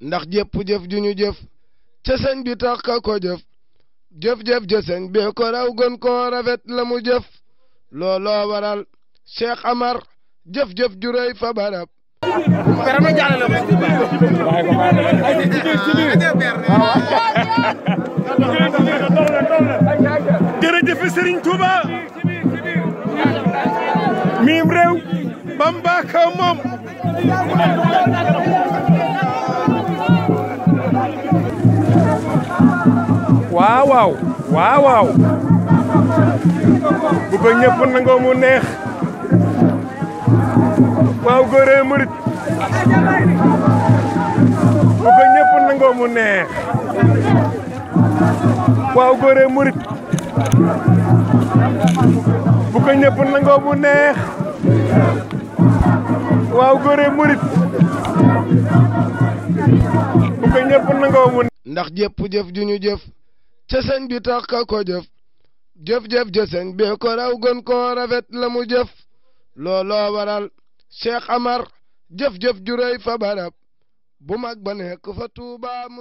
ndax jëpp jëf ju ñu jëf ca sëñ bi tax ka ko jëf jëf-jëf ja sëñ bee ko raw gon ko rafet la mu jëf looloo waral Cheikh Amar jëf-jëf ju rëy fa barab perama jàllale jërëjëf Serigne Touba miim réew Bamba ka moom Wow wow wow wow, bu ko wow, wow, wow neex waaw wow, wow, bu wow wow, wow, mu neex waaw wow wow, bu ko wow, wow, mu neex waaw wow, wow, bu ko wow, wow, mu wow, ndax wow, wow, wow, wow, ca sëñ bi tax ko jëf jëf-jëf ja sëñ bee ko raw la mu jëf looloo waral Cheikh Amar jëf-jëf ju fa barab bu mag ba nekk fa Tuubaa